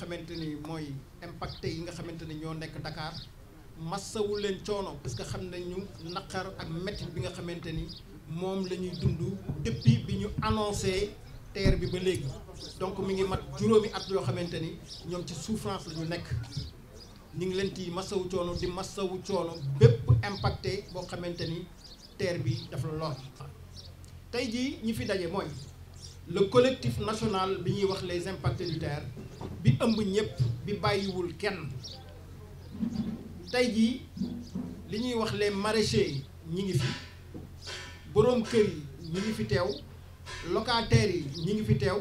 xamante ni mooy impacté yi nga xamante ni ñoo nekk Dakar massawu leen coono parce que xam nañu naqar ak métti bi nga xamante ni moom la ñuy dund depuis bi ñu annoncé terre bi ba léegi donc mi ngi mat juróomi at yoo xamante ni ñoom ci souffrance la ñu nekk ñu ngi leen ci massawu coono di massawu coono bépp impacté boo xamante ni terre bi dafa lor tey jii ñi fi daje mooy le collectif national bi ñuy wax les impactés du terre bi ëmb ñëpp bi bàyyiwul kenn tey jii li ñuy wax les maraîchers ñi ngi fi borom kër yi ñi ngi fi teew locataires yi ñi ngi fi teew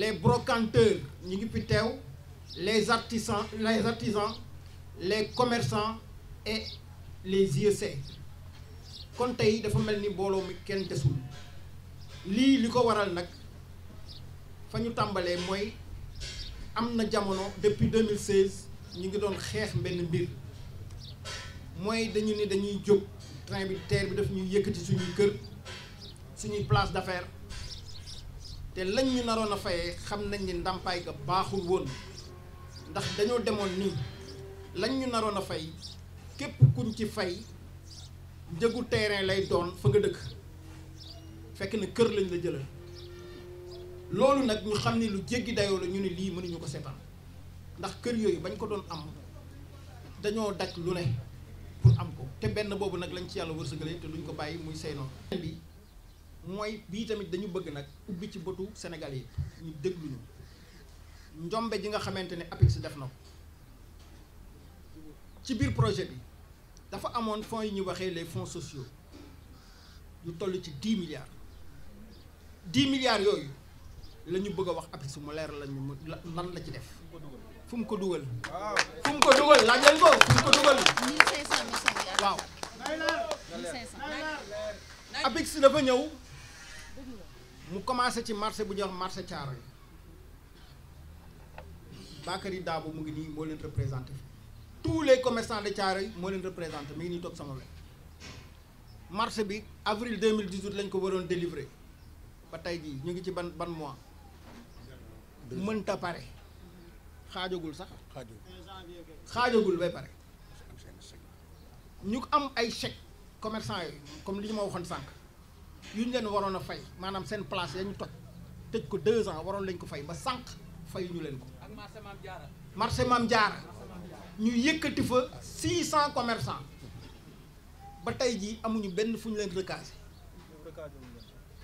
les brocanteurs ñi ngi fi teew les artisans les artisans les commerçants et les IEC kon tey dafa mel ni mbooloo mi kenn desul lii li ko waral nag fa ñu tàmbalee mooy amna jamono depuis 2016 ñu ngi doon xeex mbenn mbir mooy dañu ne dañuy jóg train bi TER bi daf ñuy yëkkati suñuy kër suñuy place d'affaires te lañ ñu naroon a fayee xam nañ ni ndàmpaay ga baaxul woon ndax dañoo demoon nii lañ ñu naroon a fay képp kuñ ci fay njëgu terrain lay doon fa nga dëkk fekk na kër lañ la jëlee. loolu nag ñu xam ne lu jéggi dayoo la ñu ne lii mënuñu ko seetaan ndax kër yooyu bañ ko doon am dañoo daj lu ne pour am ko te benn boobu nag lañ ci yàlla wërsëgale te ñu ko bàyyi muy say noonu mooy bii tamit dañu bëgg nag ubbi ci bëtu senegal yi ñu dégluñu njombe ji nga xamante ne APIX def na ko ci biir projet bi dafa amoon fonds yi ñu waxee les fonds sociaux yu toll ci dix milliards dix milliards yooyu la ñu bëgg a wax abis mu leer la ñu lan la ci def fu mu ko dugal. fu mu ko dugal laaj leen ko fu mu ko dugal. waaw. 1500 dafa ñëw mu commencé ci marché bu ñuy wax marché Thiaroye Bakary Dabo mu ngi nii moo leen représenté tous les commerçants de Thiaroye moo leen représenté mi ngi nii toog sama wet marché bi avril 2018 lañ ko waroon délivrer ba tey jii ñu ngi ci ban ban mois. mënta pare xaajagul sax xaajagul bay pare ñu am ay chèque commerçant yooyu comme li ñu ma waxoon sànq yu ñu leen waroon a fay maanaam seen place ya ñu toj tëj ko deux ans waroon lañ ko fay ba sànq fay leen ko marché Maam Jaara ñu yëkkati fa six cent commerçant ba tey jii amuñu benn fu ñu leen recasé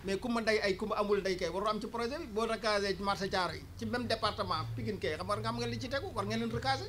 mais ku ndey ay ku ma amul ndey kay warul am ci projet bi boo recasé marché Thiaro yi ci même département Pikine kay xam war nga xam nga li ci tegu war nga leen recasé